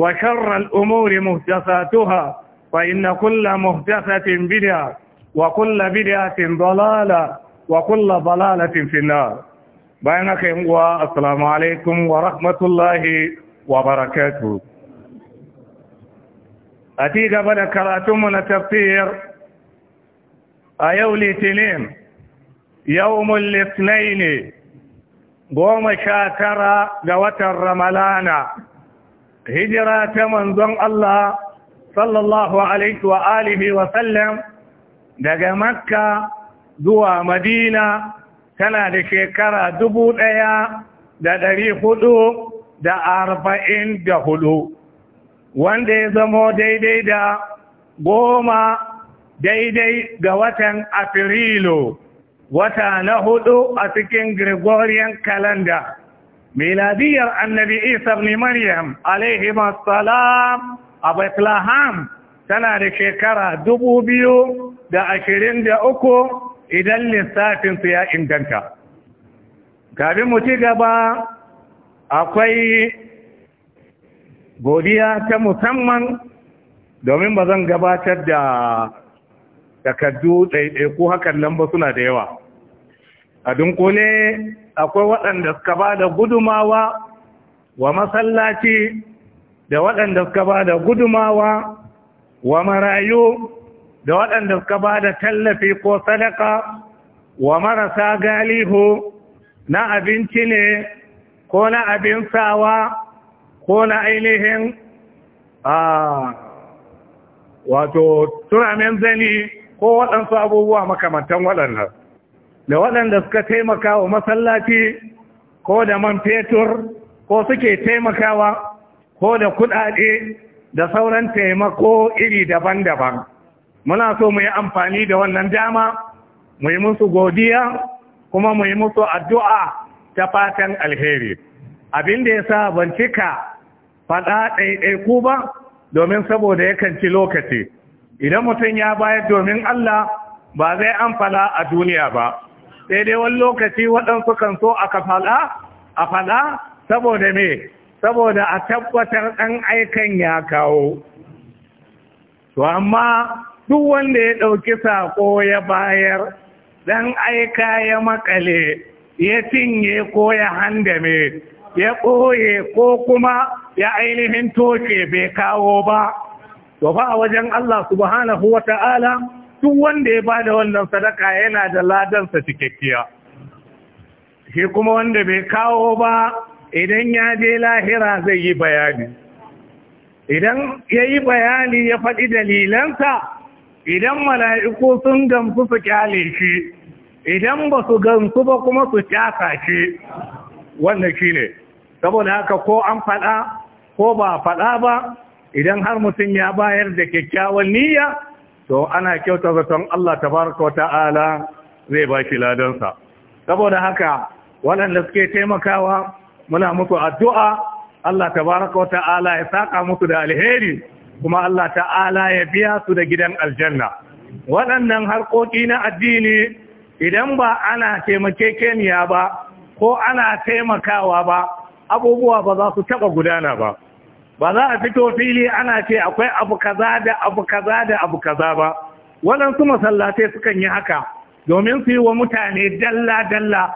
وشر الأمور مهدساتها فإن كل مهدسة بدعة وكل بدعة ضلالة وكل ضلالة في النار بينك والسلام عليكم ورحمة الله وبركاته أتيك بنا كراتمنا تفسير أيو لتنين يوم الاثنين goma sha tara ga watan ramalana hijira ta manzon Allah sallallahu alaihi wa alihi wa sallam daga makka zuwa madina tana da shekara dubu ɗaya da ɗari hudu da arba'in da hudu wanda ya zamo daidai da goma daidai ga watan afirilu wata na hudu a cikin gregorian calendar miladiyar annabi isa ne maryam alaihi salam a bethlehem tana da shekara dubu biyu da ashirin da uku idan lissafinsu ya inganta kafin mu ci gaba akwai godiya ta musamman domin ba zan gabatar da takardu ɗaiɗaiku hakan nan ba suna da yawa a dunkule akwai waɗanda suka ba da gudumawa wa masallaci da waɗanda suka ba da gudumawa wa marayu da waɗanda suka ba da tallafi ko sadaka wa marasa galihu na abinci ne ko na abin sawa ko na ainihin a wato turamin zani ko waɗansu abubuwa makamantan waɗannan da waɗanda suka taimaka wa masallaci ko da man fetur ko suke taimakawa ko da kuɗaɗe da sauran taimako iri daban-daban muna so mu yi amfani da wannan dama mu yi musu godiya kuma mu yi musu addu'a ta fatan alheri abin da ya sa ban cika faɗa ɗaiɗaiku ba domin saboda yakan ci lokaci idan mutum ya bayar domin Allah ba zai amfala a duniya ba sai dai wani lokaci waɗansu kan so aka fada a fada saboda me saboda a tabbatar ɗan aikan ya kawo to amma duk wanda ya ɗauki saƙo ya bayar ɗan aika ya makale ya cinye ko ya handame ya ɓoye ko kuma ya ainihin toke bai kawo ba to ba a wajen Allah subhanahu wa ta'ala duk wanda ya bada wannan sadaka yana da ladansa cikakkiya shi kuma wanda bai kawo ba idan ya je lahira zai yi bayani idan ya yi bayani ya faɗi dalilansa idan mala'iku sun gamsu su kyale shi idan ba su gamsu ba kuma su kyasa shi wannan shi ne saboda haka ko an faɗa ko ba faɗa ba idan har mutum ya bayar da kyakkyawan niyya to ana kyauta zaton Allah tabaraka wa ta'ala zai ba shi ladansa saboda haka waɗanda suke taimakawa muna musu addu'a Allah tabaraka wa ta'ala ya saka musu da alheri kuma Allah ta'ala ya biya su da gidan aljanna waɗannan harkoki na addini idan ba ana taimakekeniya ba ko ana taimakawa ba abubuwa ba za su taɓa gudana ba ba za a fito fili ana ce akwai abu kaza da abu kaza da abu kaza ba waɗansu masallatai sukan yi haka domin su yi wa mutane dalla-dalla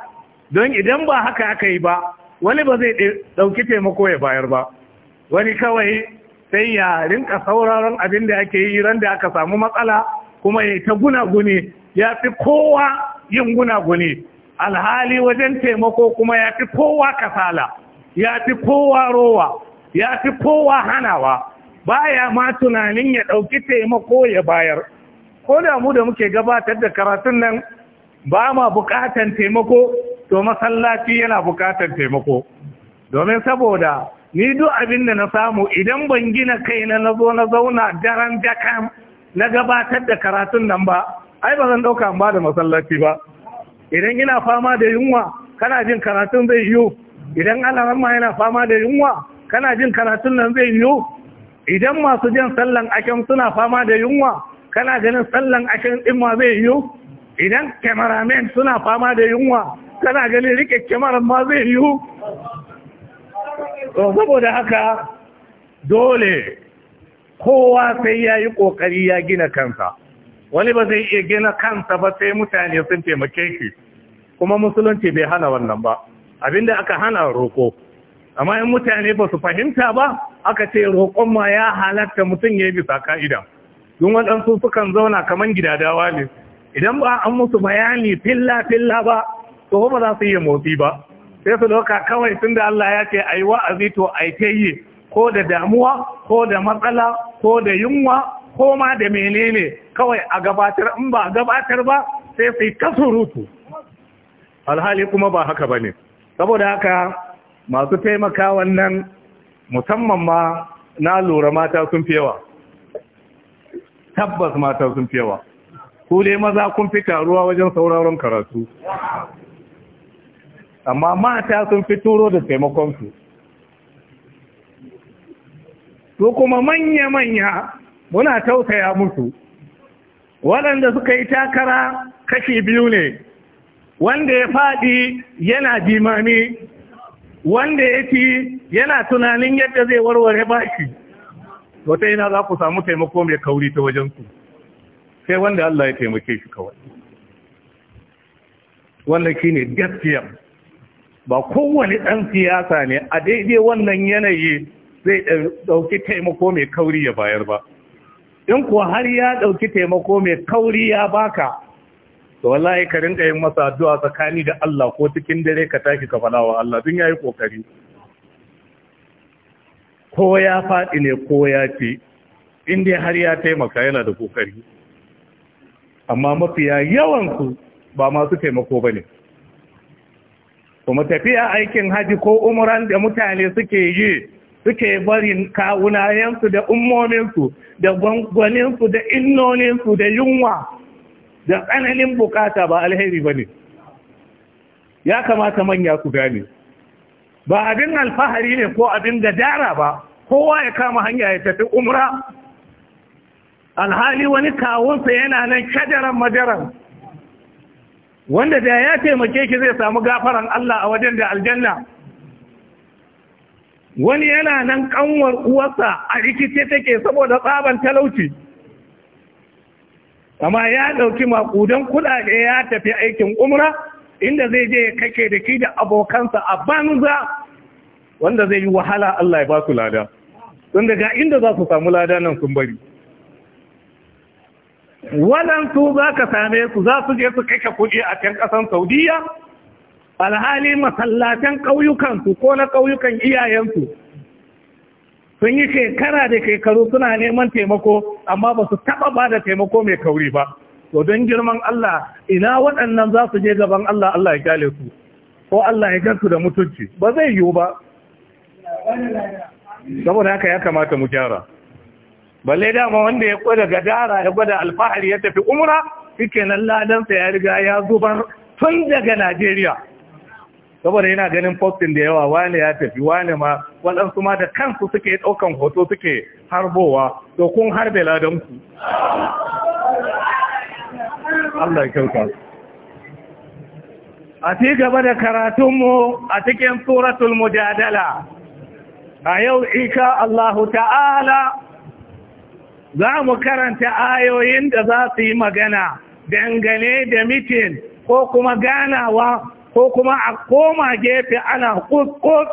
don idan ba haka aka yi ba wani ba zai ɗauki taimako ya bayar ba wani kawai sai ya rinka sauraron abin da ake yi ran da aka samu matsala kuma ya ta gunaguni ya fi kowa yin gunaguni alhali wajen taimako kuma ya fi kowa kasala ya fi kowa rowa ya fi kowa hanawa baya ma tunanin ya ɗauki taimako ya bayar ko da mu da muke gabatar da karatun nan ba ma buƙatar taimako to masallaci yana buƙatar taimako domin saboda ni duk abin da na samu idan ban gina kaina na zo na zauna daren dakan na gabatar da karatun nan ba ai ba zan ɗauka ba da masallaci ba idan ina fama da yunwa kana jin karatun zai yiwu idan alaran ma yana fama da yunwa kana jin karatun nan zai yiwu idan masu jan sallan aken suna fama da yunwa kana ganin sallan aken din ma zai yiwu idan cameraman suna fama da yunwa kana ganin rike kyamarar ma zai yiwu saboda haka dole kowa sai ya yi ƙoƙari ya gina kansa wani ba zai iya gina kansa ba sai mutane sun taimake shi kuma musulunci bai hana wannan ba abinda aka hana roko amma in mutane ba su fahimta ba aka ce roƙon ma ya halatta mutum ya yi bisa ka'ida yin waɗansu sukan zauna kamar gidadawa ne idan ba an musu bayani filla filla ba to ba za su yi motsi ba sai su doka kawai tun da Allah ya ce a yi wa'azi to a ta yi ko da damuwa ko da matsala ko da yunwa ko ma da menene kawai a gabatar in ba gabatar ba sai su yi ta surutu alhali kuma ba haka ba ne saboda haka masu taimaka wannan musamman ma na lura mata sun yawa. tabbas mata sun yawa. ku dai maza kun fi taruwa wajen sauraron karatu amma mata sun fi turo da taimakonsu Su kuma manya-manya muna tausaya musu waɗanda suka yi takara kashi biyu ne wanda ya faɗi yana jimami wanda ya ci yana tunanin yadda zai warware bashi wata yana za ku samu taimako mai kauri ta wajensu sai wanda Allah ya taimake shi kawai wannan shi ne gaskiya ba kowane ɗan siyasa ne a daidai wannan yanayi zai ɗauki taimako mai kauri ya bayar ba in kuwa har ya ɗauki taimako mai kauri ya baka to wallahi ka rinka yin masa addu'a tsakani da Allah ko cikin dare ka tashi ka fada wa Allah din yayi kokari ko ya faɗi ne ko ya ce in dai har ya taimaka yana da kokari amma mafiya yawan su ba masu taimako bane kuma tafiya aikin haji ko umran da mutane suke yi suke barin kawunayensu da ummominsu da gwangwaninsu da innoninsu da yunwa da tsananin bukata ba alheri ba ne ya kamata manya ku gane ba abin alfahari ne ko abin da dara ba kowa ya kama hanya ya tafi umra alhali wani kawunsa yana nan kadaran majaran. wanda da ya taimake shi zai samu gafaran Allah a wajen da aljanna wani yana nan kanwar uwarsa a rikice take saboda tsaban talauci amma ya ɗauki makudan kuɗaɗe ya tafi aikin umra inda zai je kake da ke da abokansa a banza wanda zai yi wahala Allah ya ba lada don daga inda za su samu lada nan sun bari waɗansu za ka same su za su je su kake kuɗi a can ƙasan saudiya alhali masallatan ƙauyukansu ko na ƙauyukan iyayensu sun yi shekara da shekaru suna neman taimako amma ba su taɓa ba da taimako mai kauri ba to don girman Allah ina waɗannan za su je gaban Allah Allah ya kyale su ko Allah ya gansu da mutunci ba zai yiwu ba saboda haka ya kamata mu gyara balle dama wanda ya gwada gadara ya gwada alfahari ya tafi umra shikenan ladansa ya riga ya zubar tun daga Najeriya saboda yana ganin postin da yawa wane ya tafi wane ma waɗansu ma da kansu suke ɗaukan hoto suke harbowa to kun harbe ladanku Allah kyauta a ci gaba da karatunmu a cikin suratul mujadala a yau ika Allahu ta'ala za mu karanta ayoyin da za su yi magana dangane da mitin ko kuma ganawa ko kuma a koma gefe ana kuskus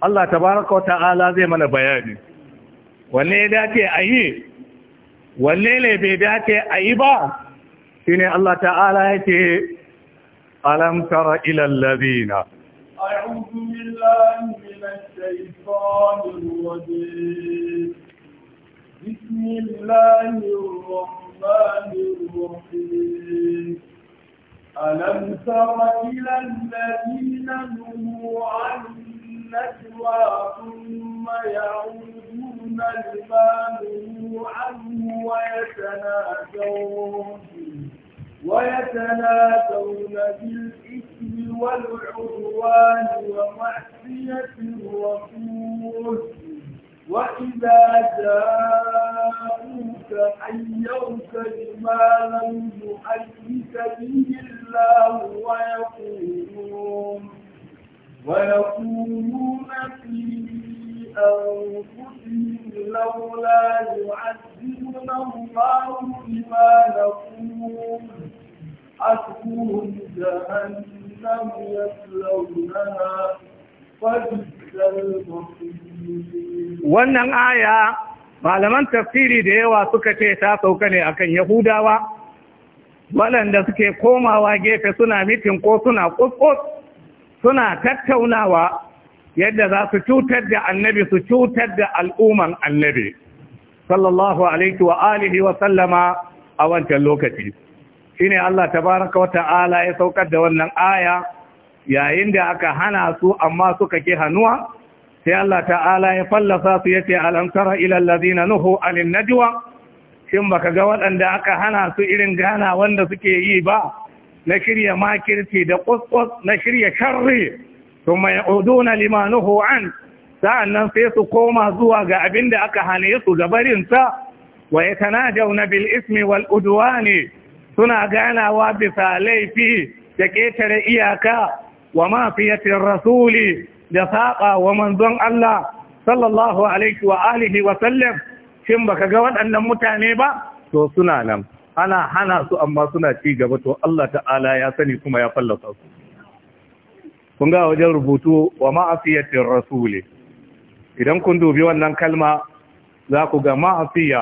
Allah tabaraka ta'ala zai mana bayani wanne ya dace a yi wanne ne bai dace a yi ba shine Allah ta'ala yake alam tara ila allazina أعوذ بالله من الشيطان الرجيم بسم الله الرحمن الرحيم ألم تر إلى الذين نهوا عن النجوى ثم يعودون لما نهوا عنه ويتناجون ويتناجون بالإثم والعدوان ومعصية الرسول وإذا جاءوك حيوك بما لم يحيك به الله ويقولون ويقولون في أنفسهم لولا يعذبنا wannan aya malaman tafsiri da yawa suka ce ta sauka ne akan yahudawa waɗanda suke komawa gefe suna mitin ko suna kuskus suna tattaunawa yadda za su cutar da annabi su cutar da al'umman annabi sallallahu alaihi wa alihi wa sallama a wancan lokaci shine Allah tabaraka wa ta'ala ya saukar da wannan aya yayin da aka hana su amma suka ke hannuwa sai Allah ta'ala ya fallasa su yace alam tara ila allazina nuhu anin najwa in baka ga waɗanda aka hana su irin gana wanda suke yi ba na shirya makirci da ƙusƙus na shirya sharri to mai uduna limanuhu an sa'annan sai su koma zuwa ga abin da aka hane su ga gabarinsa wa yatanajawna bil ismi wal udwani suna ganawa bisa laifi da ƙetare iyaka wa mafiyatin rasuli da saƙa wa manzon Allah sallallahu alaihi wa alihi wa sallam shin baka ga waɗannan mutane ba to suna nan ana hana su amma suna ci gaba to Allah ta'ala ya sani kuma ya fallasa su kun ga wajen rubutu wa ma'asiyatin rasuli idan kun dubi wannan kalma za ku ga ma'asiya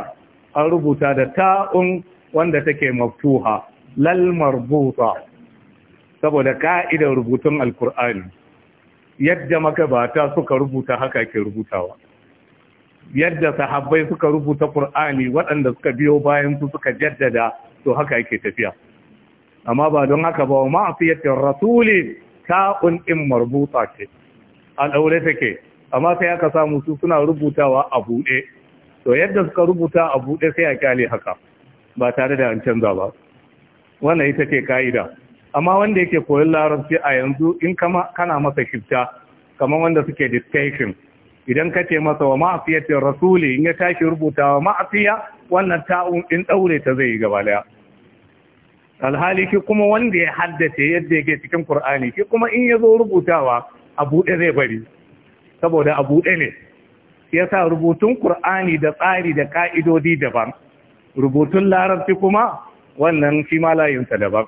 an rubuta da ta'un wanda take maftuha lal marbuta saboda ka'idar rubutun alkur'ani yadda magabata suka rubuta haka ke rubutawa yadda sahabbai suka rubuta Qur'ani waɗanda suka biyo bayan su suka jaddada to haka yake tafiya amma ba don haka ba ma afiyatir rasuli ta'un in marbuta ce a daure take amma sai aka samu su suna rubutawa a bude to yadda suka rubuta a bude sai a kyale haka ba tare da an canza ba wannan ita ce ka'ida amma wanda yake koyon larabci a yanzu in kana masa shifta kamar wanda suke dictation idan ka ce masa wa ma'asiyatin rasuli in ya tashi rubuta wa ma'afiya wannan ta'un in ɗaure ta zai yi gaba daya alhali shi kuma wanda ya haddace yadda yake cikin Kur'ani, shi kuma in ya zo rubutawa a buɗe zai bari saboda a buɗe ne ya sa rubutun Kur'ani da tsari da ƙa'idodi daban rubutun larabci kuma wannan shi ma layinsa daban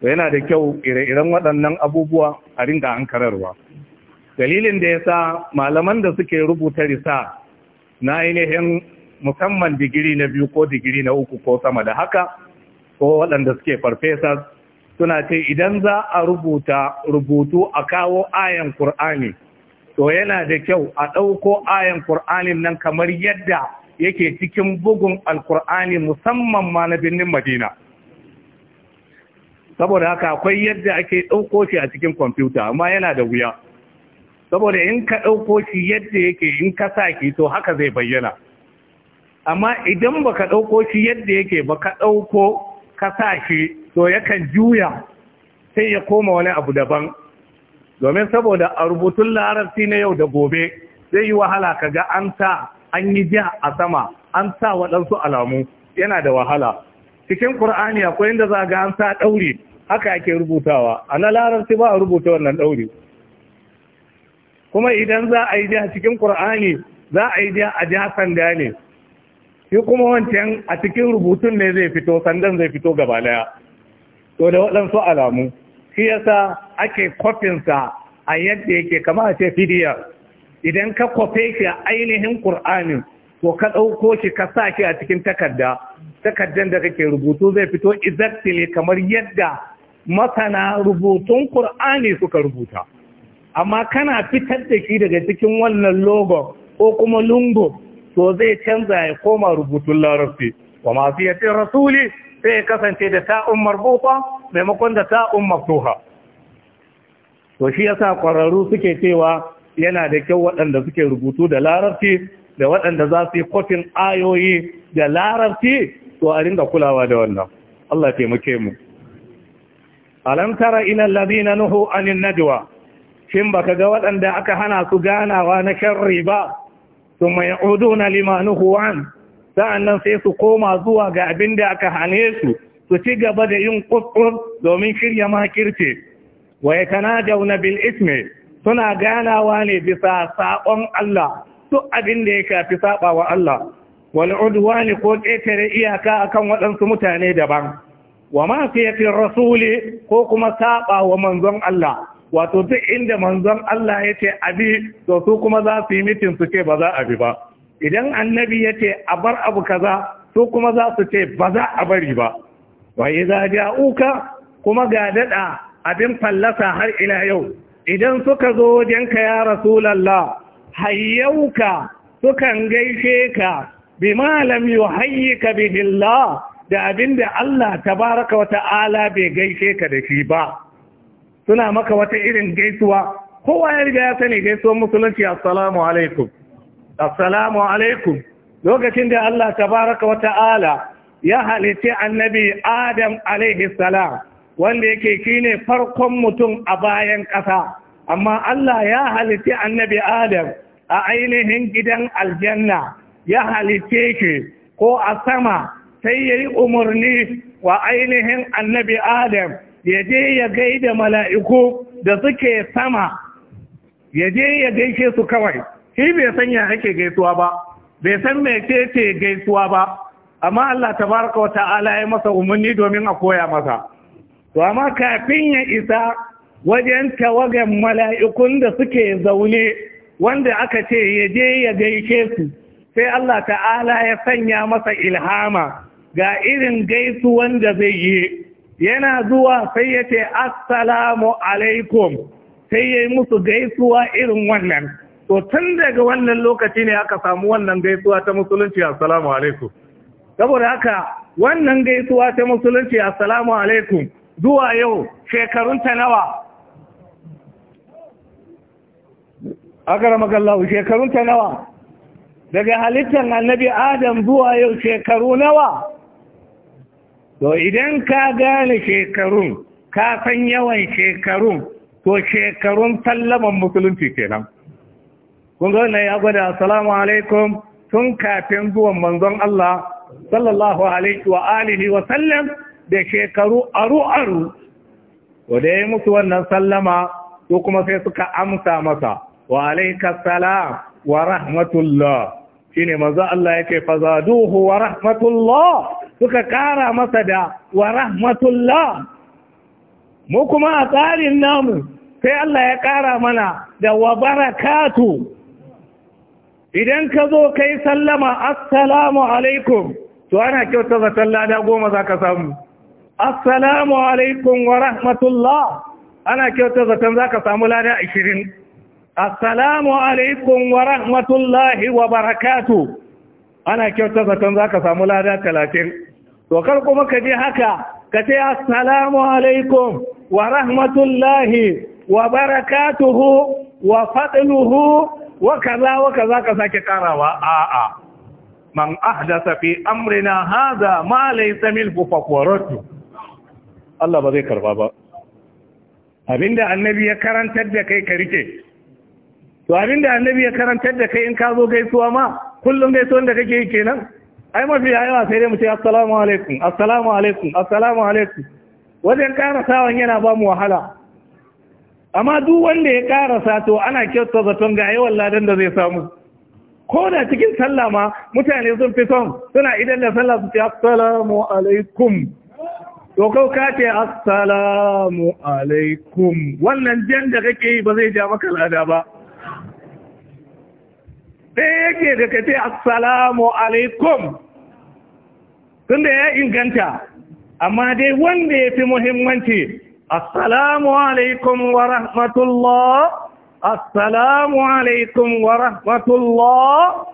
yana da kyau ire-iren waɗannan abubuwa a ringa kararwa. dalilin da ya sa malaman da suke rubuta risa na ainihin musamman digiri na biyu ko digiri na uku ko sama da haka ko waɗanda suke farfesa suna ce idan za a rubuta rubutu a kawo ayan ƙur'ani to yana da kyau a ɗauko ayan ƙur'anin nan kamar yadda yake cikin bugun alkur'ani musamman ma na birnin madina saboda haka akwai yadda ake ɗauko shi a cikin kwamfuta amma yana da wuya saboda in ka ɗauko shi yadda yake in ka sa ki to haka zai bayyana amma idan ba ka ɗauko shi yadda yake ba ka ɗauko ka sa shi to yakan juya sai ya koma wani abu daban domin saboda a rubutun larabci na yau da gobe zai yi wahala ka ga an sa an yi jiha a sama an sa waɗansu alamu yana da wahala cikin ƙur'ani, akwai inda za ga an sa ɗauri haka ake rubutawa a na larabci ba a rubuta wannan ɗauri kuma idan za a yi jiha cikin Kur'ani za a yi jiha a jiha sanda ne shi kuma wancan a cikin rubutun ne zai fito sandan zai fito gaba daya to da waɗansu alamu shi yasa ake kwafinsa a yadda yake kama a ce fidiyar idan ka kwafe shi a ainihin Kur'ani to ka ɗauko shi ka sa shi a cikin takarda takardar da kake rubutu zai fito exactly kamar yadda masana rubutun Kur'ani suka rubuta amma kana fitar da shi daga cikin wannan logo ko kuma lungo to zai canza ya koma rubutun larabci wa masu yace rasuli sai ya kasance da ta'un marbuta maimakon da ta'un maftuha to shi yasa kwararru suke cewa yana da kyau waɗanda suke rubutu da larabci da waɗanda za su yi kofin ayoyi da larabci to a ringa kulawa da wannan Allah taimake mu alam tara ila alladhina nuhu anin najwa shin baka ga waɗanda aka hana su ganawa na sharri ba su mai na limanuhu huwan? sa'annan sai su koma zuwa ga abin da aka hane su su ci gaba da yin kuskus domin shirya makirce wa ya tanajawna bil ismi suna ganawa ne bisa saƙon Allah Su abin da ya shafi saɓawa wa Allah wal udwani ko ƙetare iyaka akan waɗansu mutane daban wa ma fiyatin rasuli ko kuma saɓa wa manzon Allah wato duk inda manzon Allah ya ce abi to su kuma za su yi mitin su ce ba za a bi ba idan annabi ya ce a bar abu kaza su kuma za su ce ba za a bari ba wa idza ja'uka kuma ga dada abin fallasa har ila yau idan suka zo wajenka ya rasulullah hayyauka sukan gaishe ka bi malam yuhayyika bihillah da abinda Allah tabaraka wa ta'ala bai gaishe ka da shi ba suna maka wata irin gaisuwa kowa ya riga ya sani gaisuwar musulunci assalamu alaikum assalamu alaikum lokacin da Allah tabaraka wa ta'ala ya halitti annabi Adam alaihi salam wanda yake kine farkon mutum a bayan kasa. amma Allah ya halitti annabi Adam a ainihin gidan aljanna ya halitte shi ko a sama sai yayi umurni wa ainihin annabi Adam ya je ya gaida mala'iku da suke sama ya je ya gaishe su kawai shi bai san ya ake gaisuwa ba bai san mai ce gaisuwa ba amma Allah Ta baraka wa ta'ala ya masa umarni domin a koya masa to amma kafin ya isa wajen tawagan mala'ikun da suke zaune wanda aka ce ya je ya gaishe su sai Allah ta'ala ya sanya masa ilhama ga irin gaisu wanda zai yi yana zuwa sai ya ce assalamu alaikum sai ya yi musu gaisuwa irin wannan to tun daga wannan lokaci ne aka samu wannan gaisuwa ta musulunci assalamu alaikum saboda haka wannan gaisuwa ta musulunci assalamu alaikum zuwa yau shekarun ta nawa akara magallahu shekarun ta nawa daga halittar annabi adam zuwa yau shekaru nawa to idan ka gane shekarun ka san yawan shekarun to shekarun sallaman musulunci kenan kun ga wannan ya gwada assalamu alaikum tun kafin zuwan manzon Allah sallallahu alaihi wa alihi wa sallam da shekaru aru aru to da yi mutu wannan sallama to kuma sai suka amsa masa wa alaika salam wa rahmatullah shine maza Allah yake fazaduhu wa rahmatullah suka ƙara masa da wa rahmatullah mu kuma a tsarin namu sai Allah ya ƙara mana da wa barakatu idan ka zo kai sallama assalamu alaikum to ana kyauta zaton lada goma za ka samu assalamu alaikum wa rahmatullah ana kyauta zaton za ka samu lada ashirin assalamu alaikum wa rahmatullahi wa barakatu ana kyauta zaton za ka samu lada talatin to kar kuma ka je haka ka ce assalamu alaikum wa rahmatullahi wa barakatuhu wa fadluhu wa kaza wa kaza ka sake karawa a'a man ahdasa fi amrina hadha ma laysa min faqwaratu Allah ba zai karba ba abinda annabi ya karantar da kai ka rike to abinda annabi ya karantar da kai in ka zo gaisuwa ma kullum gaisuwan da kake yi kenan ai mafi yawa sai dai mu ce assalamu alaikum assalamu alaikum assalamu alaikum wajen karasawan yana ba mu wahala amma duk wanda ya karasa to ana kyauta zaton ga yawan ladan da zai samu ko da cikin sallah ma mutane sun fi son suna idan da sallah su ce assalamu alaikum to kau ka ce assalamu alaikum wannan jan da kake yi ba zai ja maka lada ba ɗaya yake da ka ce assalamu alaikum da ya inganta amma dai wanda ya fi muhimmanci assalamu alaikum wa rahmatullah assalamu alaikum wa rahmatullah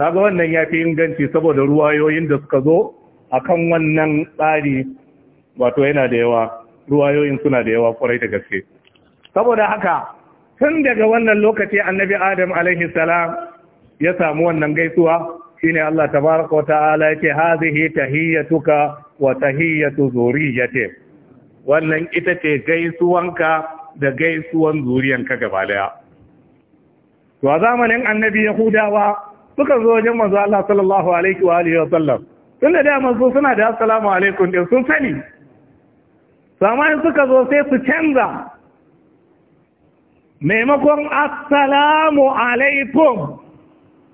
ga wannan ya fi inganci saboda ruwayoyin da suka zo akan wannan tsari wato yana da yawa ruwayoyin suna da yawa kwarai da gaske saboda haka tun daga wannan lokaci annabi adam alaihi salam ya samu wannan gaisuwa shine Allah tabaraka wa ta'ala yake hazihi tahiyyatuka wa tahiyyatu zuriyatik wannan ita ce gaisuwanka da gaisuwan zuriyanka gaba daya to a zamanin annabi yahudawa suka zo wajen manzo Allah sallallahu alaihi wa alihi wa sallam tun da dama su suna da assalamu alaikum din sun sani sama suka zo sai su canza maimakon assalamu alaikum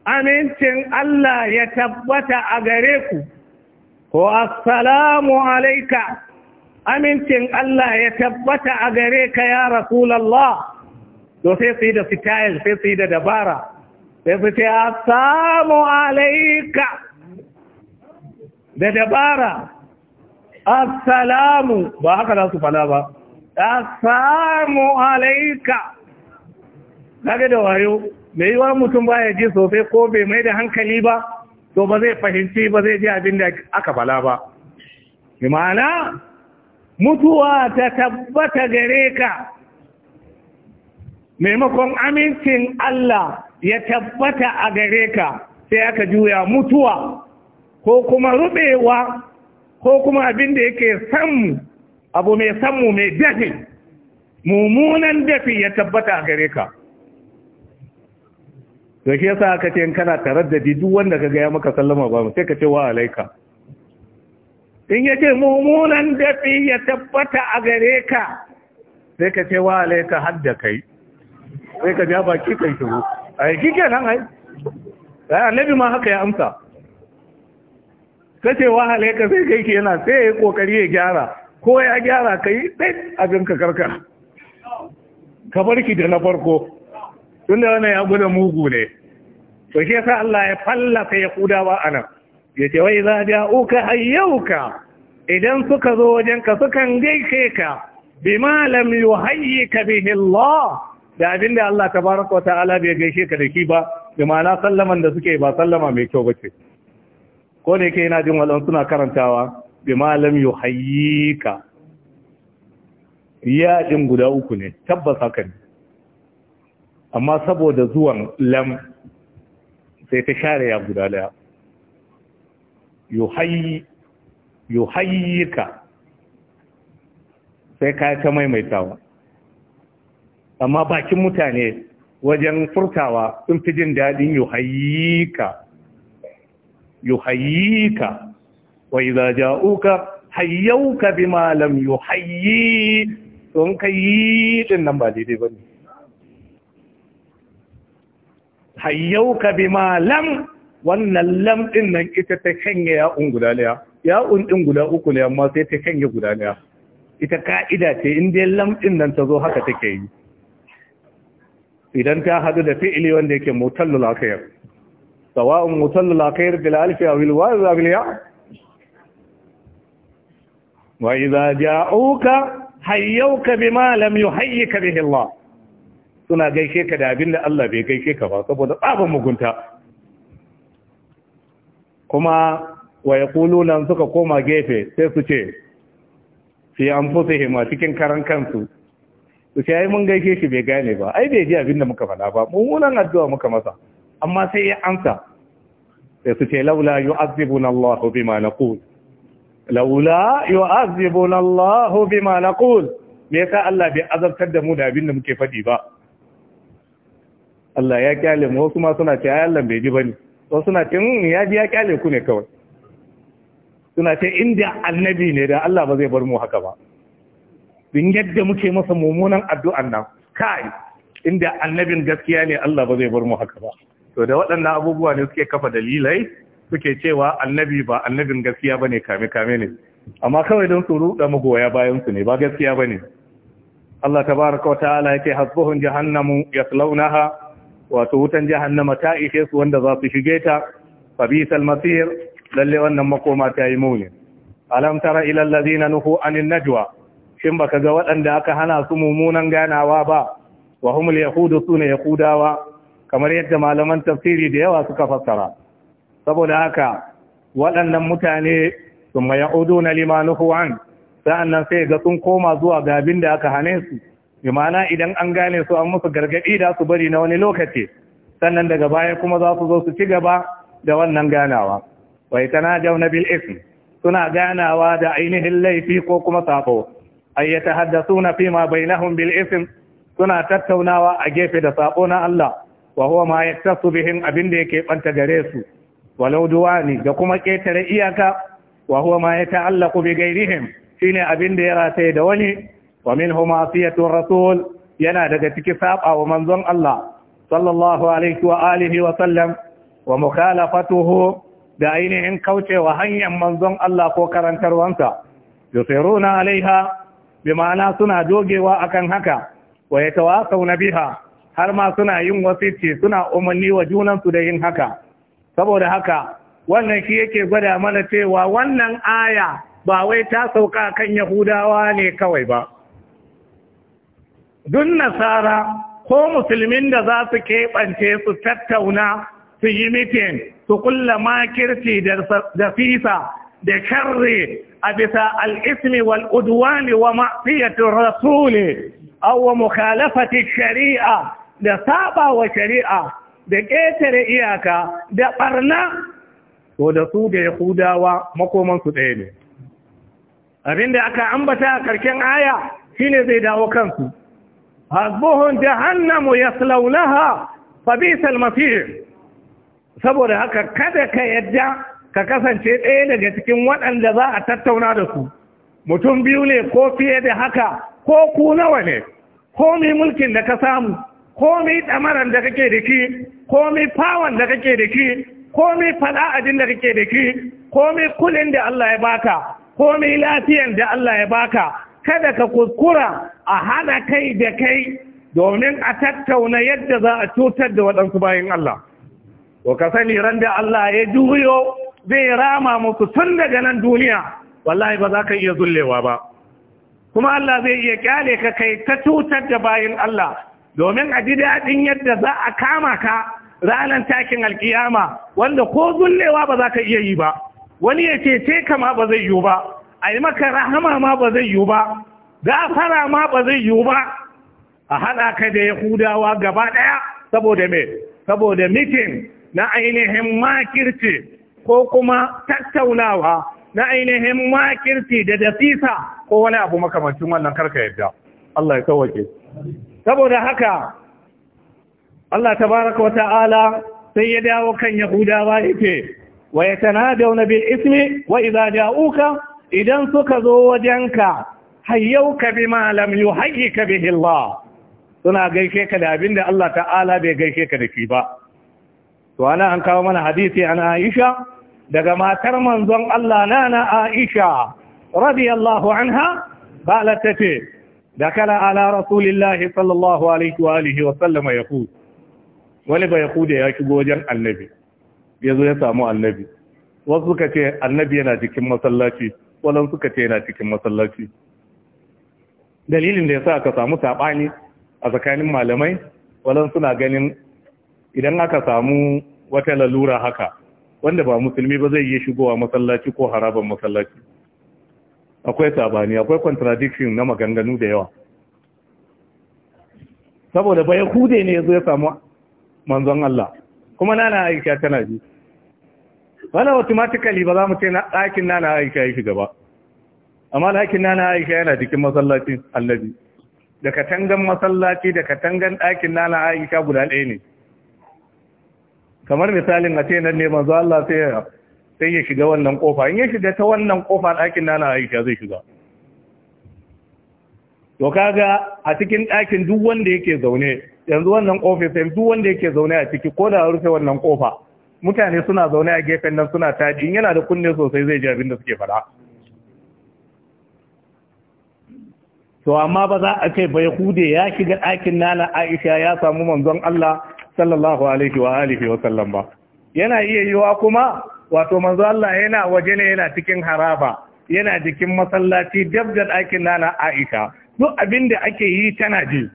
amincin Allah ya tabbata a gare ku ko assalamu alaika amincin Allah ya tabbata a gare ka ya rasulallah to sai su yi da fitayil sai su yi da dabara sai su ce assalamu alaika da dabara assalamu ba haka za su fana ba assalamu alaika kaga da wayo me yiwa mutum ba ya ji sosai ko bai mai da hankali ba to ba zai fahimci ba zai ji abin da aka bala ba ma'ana mutuwa ta tabbata gare ka maimakon amincin Allah ya tabbata a gare ka sai aka juya mutuwa ko kuma rubewa ko kuma abin da yake san abu mai sanmu mai dafi mummunan dafi ya tabbata a gare ka da ke yasa aka ce in kana taraddadi duk wanda ka gaya maka sallama ba mu sai ka ce wa alaika in ce mummunan dafi ya tabbata a gare ka sai ka ce wa alaika har da kai sai ka ja baki kai shiru yi kike nan ai annabi ma haka ya amsa kace wa alaika sai kai yana sai ya yi kokari ya gyara ko ya gyara kai dai abin ka karka ka bar ki da na farko tun da wannan ya gudu mugu ne to shi yasa Allah ya fallaka ya kudawa a nan ya ce wai za ja ja'uka hayyauka idan suka zo wajen ka sukan gaishe ka bima lam yuhayyika bihi Allah da abinda Allah tabaraka ta'ala bai gaishe ka da shi ba ma na sallaman da suke ba sallama mai kyau bace ko ne ke yana jin walan suna karantawa bima lam yuhayyika ya din guda uku ne tabbas haka ne amma saboda zuwan lam sai ta share ya guda daya yuhayyika sai ka ta maimaitawa amma bakin mutane wajen furtawa sun fi jin daɗin yuhayyika yuhayyika wa idza ja'uka hayyauka bima lam yuhayyi don kai din nan ba daidai bane hayyauka bima malam, wannan lam din nan ita ta kanya ya'un guda daya ya'un din guda uku ne amma sai ta kanya guda daya ita ka'ida ce in dai lam din nan ta zo haka take yi idan ta hadu da fi'ili wanda yake mutallul akhir sawa'un mutallul akhir bil alif aw bil waw aw bil ya wa idza ja'uka hayyauka bima lam yuhayyika bihi Allah suna gaishe ka da abin da Allah bai gaishe ka ba saboda tsaban mugunta kuma wa nan suka koma gefe sai su ce fi anfusihim a cikin karan kansu su ce ai mun gaishe shi bai gane ba ai bai ji abin da muka faɗa ba mummunan addu'a muka masa amma sai ya amsa sai su ce laula yu'azzibuna Allah bima naqul laula yu'azzibuna Allah bima naqul me yasa Allah bai azabtar da mu da abin da muke faɗi ba Allah ya kyale mu wasu ma suna ce ai Allah bai ji bane wasu suna ce mun hmm, ya ji ya kyale ku ne kawai suna ce inda annabi ne da Allah ba zai bar mu haka ba bin yadda muke masa mummunan addu'an nan kai inda annabin gaskiya ne Allah ba zai bar mu haka ba to da waɗannan abubuwa ne suke kafa dalilai suke cewa annabi ba annabin gaskiya bane kame kame ne amma kawai don su ruɗa magoya bayan su ne ba gaskiya bane Allah tabaraka wa ta'ala yake hasbuhun jahannamu yaslaunaha wato wutan jahannama ta ishe su wanda za su shige ta fabisal masir lalle wannan makoma ta yi muni alam tara ila allazina nuhu anin najwa shin baka ga waɗanda aka hana su mummunan ganawa ba wa humul yahudu sune yahudawa kamar yadda malaman tafsiri da yawa suka fassara saboda haka waɗannan mutane sun mayaudu na nuhu an sa'annan sai ga sun koma zuwa ga abin da aka hane su bi idan an gane su an musu gargaɗi da su bari na wani lokaci sannan daga baya kuma za su zo su ci gaba da wannan ganawa wai tana jauna bil ism suna ganawa da ainihin laifi ko kuma sabo ay yatahaddathuna fima bainahum bil ism suna tattaunawa a gefe da sabo na Allah wa huwa ma yaktasu bihim abin da yake banta gare su walau duwani da kuma ketare iyaka wa huwa ma yata'allaqu bi ghairihim shine abin da ya rataye da wani wa minhu ma'siyatur rasul yana daga ciki saba wa manzon Allah sallallahu alaihi wa alihi wa sallam wa mukhalafatuhu da ainihin kaucewa hanyar manzon Allah ko karantarwansa yusiruna alaiha bi ma'ana suna dogewa akan haka wa yatawasawna biha har ma suna yin wasici suna umarni wa junansu da yin haka saboda haka wannan shi yake gwada mana cewa wannan aya ba wai ta sauka kan Yahudawa ne kawai ba duk nasara ko musulmin da za su keɓance su tattauna su yi mitin su kulla makirci da fisa da karre a bisa al'ismi wal'udwani wa ne, rasuli awa mukhalafati shari'a da saba wa shari'a da ƙetare iyaka da ɓarna to da su da yahudawa su ɗaya ne abinda aka ambata a karken aya shine zai dawo kansu hasbuhun jahannamu yaslaunaha fa bisal saboda haka kada ka yadda ka kasance ɗaya daga cikin waɗanda za a tattauna da su mutum biyu ne ko fiye da haka ko ku nawa ne komi mulkin da ka samu komi ɗamaran da kake da ki komi fawon da kake da ki komi fada'adin da kake da ki komi kulin da Allah ya baka komi lafiyan da Allah ya baka kada ka kuskura a haɗa kai da kai domin a tattauna yadda za a cutar da waɗansu bayan Allah to ka sani ran da Allah ya juyo zai rama musu tun daga nan duniya wallahi ba za ka iya zullewa ba kuma Allah zai iya kyale ka kai ta cutar da bayan Allah domin a ji daɗin yadda za a kama ka ranar takin alkiyama wanda ko zullewa ba za ka iya yi ba wani ya cece kama ba zai yiwu ba a yi maka rahama ma ba zai yiwu ba gafara ma ba zai yiwu ba a haɗa ka da yahudawa gaba ɗaya saboda me saboda mitin na ainihin makirci ko kuma tattaunawa na ainihin makirci da dasisa ko wani abu makamancin wannan karka yadda Allah ya saboda haka Allah tabaraka wa ta'ala sai ya dawo kan yahudawa yake wa yatanadawna bil ismi wa idza ja'uka idan suka zo wajenka hayyau ka bi malam yu hayyi ka bi Allah suna gaishe ka da abin da Allah ta'ala bai gaishe ka da shi ba to ana an kawo mana hadisi an Aisha daga matar manzon Allah nana Aisha radiyallahu anha qalat tace kala ala rasulillahi sallallahu alaihi wa alihi wa sallama yaqul wani ba yahuda ya shigo wajen annabi ya zo ya samu annabi wasu ka ce annabi yana cikin masallaci walan suka ce yana cikin masallaci dalilin da ya sa aka samu saɓani a tsakanin malamai walan suna ganin idan aka samu wata lalura haka wanda ba musulmi ba zai yi shigowa masallaci ko harabar masallaci akwai sabani akwai contradiction na maganganu da yawa saboda ba Hude ne ya zo ya samu manzon Allah kuma nana aisha tana ji wala automatically ba za mu ce ɗakin nana aisha ya shiga ba amma ɗakin nana aisha yana cikin masallacin annabi da katangan masallaci da katangan ɗakin nana aisha guda ɗaya ne kamar misalin a ce nan ne manzo Allah sai ya sai ya shiga wannan kofa in ya shiga ta wannan kofa ɗakin nana aisha zai shiga to kaga a cikin ɗakin duk wanda yake zaune yanzu wannan ofis duk wanda yake zaune a ciki ko da rufe wannan kofa mutane suna zaune a gefen nan suna taji yana da kunne sosai zai ji abin da suke fada to amma ba za a kai bai hude ya shiga ɗakin nana Aisha ya samu manzon Allah sallallahu alaihi wa alihi wa sallam ba yana iya yiwa kuma wato manzon Allah yana waje ne yana cikin haraba yana jikin masallaci dab da ɗakin nana Aisha duk abin da ake yi tana ji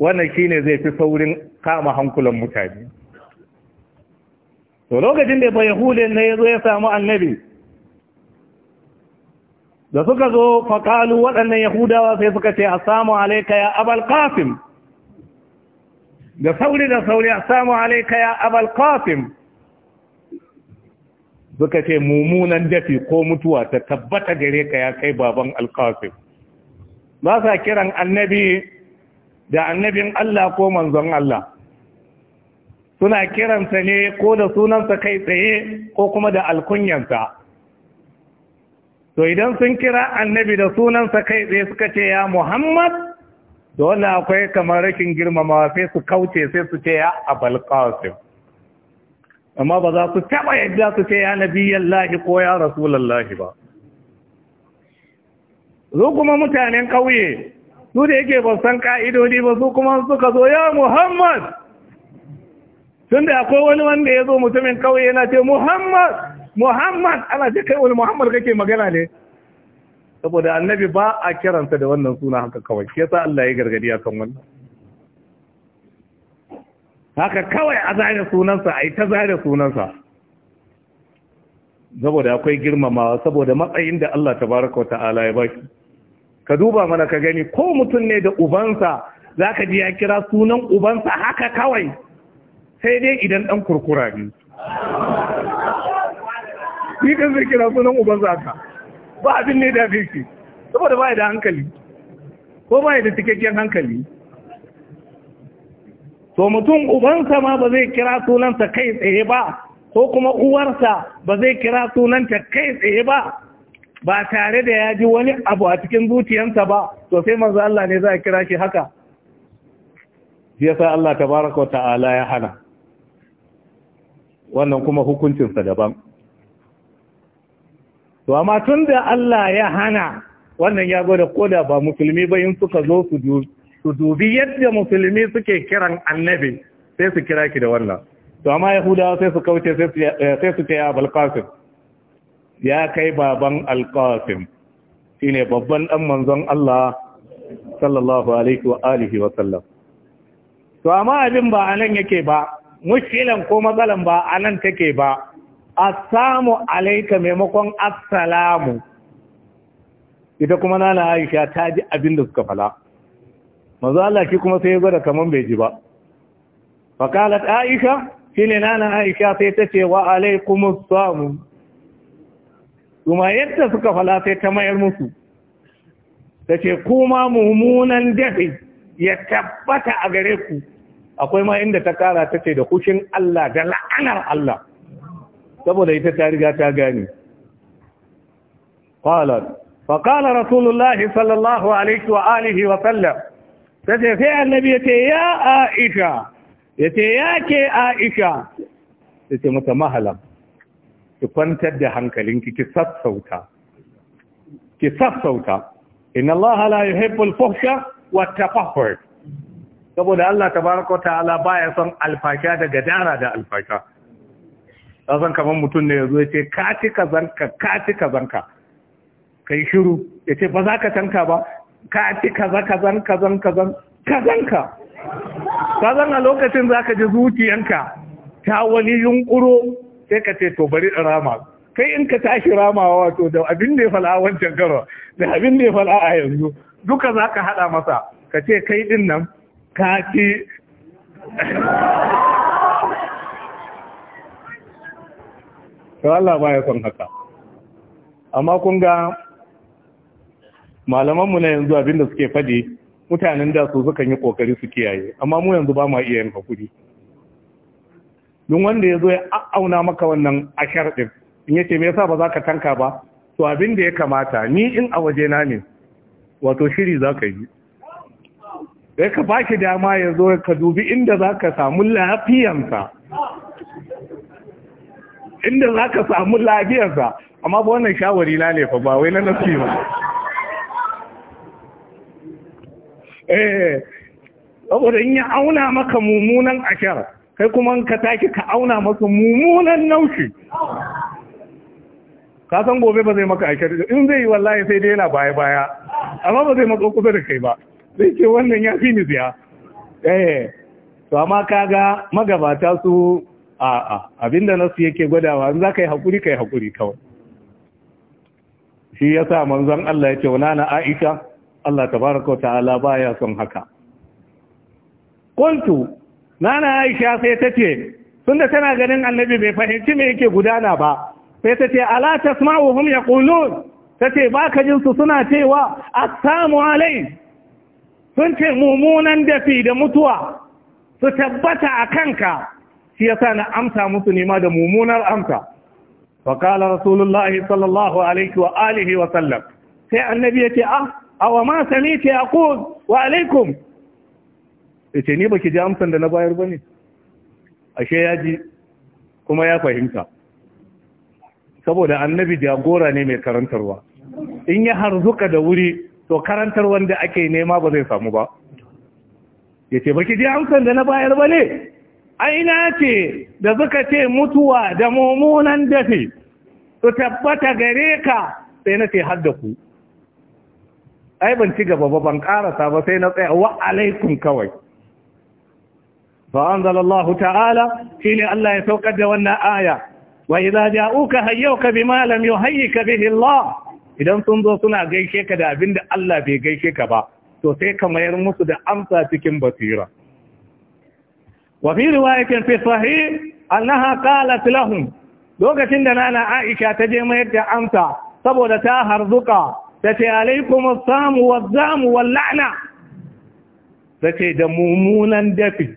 wannan shine zai fi saurin kama hankulan mutane to lokacin da bayahudin ne ya zo ya samu annabi da suka zo faƙalu waɗannan yahudawa sai suka ce samu alaika ya abal qasim da sauri da sauri samu alaika ya abal qasim suka ce mummunan dafi ko mutuwa ta tabbata gare ka ya kai baban alqasim ba sa kiran annabi da annabin Allah ko manzon Allah suna kiransa ne ko da sunansa kai tsaye ko kuma da alkunyansa to idan sun kira annabi da sunansa kai tsaye suka ce ya muhammad to akwai kamar rashin girmamawa sai su kauce sai su ce ya abal qasim amma ba za su taba yadda su ce ya nabiyallahi ko ya rasulullahi ba zo kuma mutanen ƙauye su da yake ban san ka'idodi ba su kuma suka zo ya muhammad tunda akwai wani wanda ya zo mutumin kawai yana ce muhammad muhammad ana ce kai wani muhammad kake magana ne saboda annabi ba a kiransa da wannan suna haka kawai ke sa Allah ya gargadi akan wannan haka kawai a zare sunansa a yi ta zare sunansa saboda akwai girmamawa saboda matsayin da Allah Ta tabaraka ta'ala ya baki ka duba mana ka gani ko mutum ne da ubansa za ka ji ya kira sunan ubansa haka kawai sai dai idan ɗan kurkura ne Ni kan zai kira sunan uban zaka ba abin ne da zai ce saboda ba da hankali ko ba da cikakken hankali to mutum ubansa ma ba zai kira sunanta kai tsaye ba ko kuma uwarsa ba zai kira sunanta kai tsaye ba ba tare da ya ji wani abu a cikin zuciyarsa ba to sai manzo Allah ne za a kira shi haka yasa Allah baraka wa ta'ala ya hana wannan kuma hukuncinsa daban to amma tun da Allah ya hana wannan ya gwada koda ba musulmi ba in suka zo su dubi yadda musulmi suke kiran annabi sai su kira ki da wannan to amma yahudawa sai su kauce sai su kai balkasim ya kai baban alkasim shine babban dan manzon Allah sallallahu alaihi wa alihi wa sallam to amma abin ba nan yake ba mushkilan ko matsalan ba a nan take ba samu alaika maimakon assalamu ita kuma nana aisha ta ji abin da suka fala mazu Allah shi kuma sai ya gwada kaman bai ji ba fakalat aisha shi ne nana aisha sai ta ce wa alaikumus samu kuma yadda suka fala sai ta mayar musu ta ce kuma mummunan dafi ya tabbata a gare ku akwai ma inda ta kara ta ce da kushin Allah da la'anar Allah saboda ita ta riga ta gani qalat fa qala rasulullahi sallallahu alaihi wa alihi wa sallam tace sai annabi yace ya aisha yace yake aisha yace mata mahalam ki kwantar da hankalinki ki sassauta ki sassauta inna allaha la yuhibbu al-fuhsha wa at-tafahhur saboda Allah tabaraka wa ta'ala baya son alfaka da gadara da alfaka san kamar mutum ne ya ce, ka ci kazanka ka ci kazanka kai shiru ya ce ba za ka canka ba ka ci kaza zanka kazan zanka kazanka zan a lokacin za ka ji zuciyanka ta wani yunkuro sai ka ce to bari rama kai in ka tashi ramawa wato da abin da ya fala wancan karo da abin da ya fala a yanzu duka za ka haɗa masa ka ce kai din nan kaki to Allah ba ya son haka amma kun ga malamanmu na yanzu abinda suke fadi mutanen da su sukan yi kokari su kiyaye amma mu yanzu ba ma iya yin hakuri don wanda ya zo ya auna maka wannan ashar din in yace me yasa ba za ka tanka ba to abinda ya kamata ni in a waje na ne wato shiri za ka yi sai ka baki dama ya zo ka dubi inda za ka samu lafiyansa inda za ka samu lafiyansa. amma ba wannan shawari lalefa ba wai na nasi ba eh saboda in ya auna maka mummunan ashar kai kuma ka taki ka auna maka mummunan naushi ka san gobe ba zai maka ashar in zai yi wallahi sai dai yana baya baya amma ba zai maka kusa da kai ba zai ce wannan ya fi ni ɗaya eh, to amma kaga magabata su a'a abinda nasu yake gwadawa in za ka yi haƙuri ka yi haƙuri kawai shi ya sa manzon Allah ya ce wa nana Aisha Allah kauta ala ta'ala ya son haka na nana Aisha sai ta ce da tana ganin annabi bai fahimci me yake gudana ba sai ta ce ala ya yaqulun ta ce ba ka jin suna cewa assalamu alaikum sun ce mummunan dafi da mutuwa su tabbata a kanka shi yasa na amsa musu nema da mummunar amsa faƙala rasulullahi sallallahu alaihi wa alihi wa sallam sai annabi ya ce ah awa ma sami ce a wa alaikum ya ce ni ba ki ji amsan da na bayar ba ne ashe ya ji kuma ya fahimta saboda annabi jagora ne mai karantarwa in ya harzuka da wuri to karantar wanda ake nema ba zai samu ba ya ce baki ji amsan da na bayar ba ne aina ce da suka ce mutuwa da mummunan dafi su tabbata gare ka sai na ce har da ku ai ban ci gaba ba ban karasa ba sai na tsaya wa alaikum kawai fa anzalallahu ta'ala ne Allah ya saukar da wannan aya wa idza ja'uka hayyuka bima lam yuhayyika bihi Allah idan sun zo suna gaishe ka da abin da Allah bai gaishe ka ba to sai ka mayar musu da amsa cikin basira wa fi riwayatin fi sahih annaha qalat lahum lokacin da nana Aisha ta je mayar da amsa saboda ta harzuka ta ce alaikum assamu wazzamu la'ana. ta ce da mummunan dafi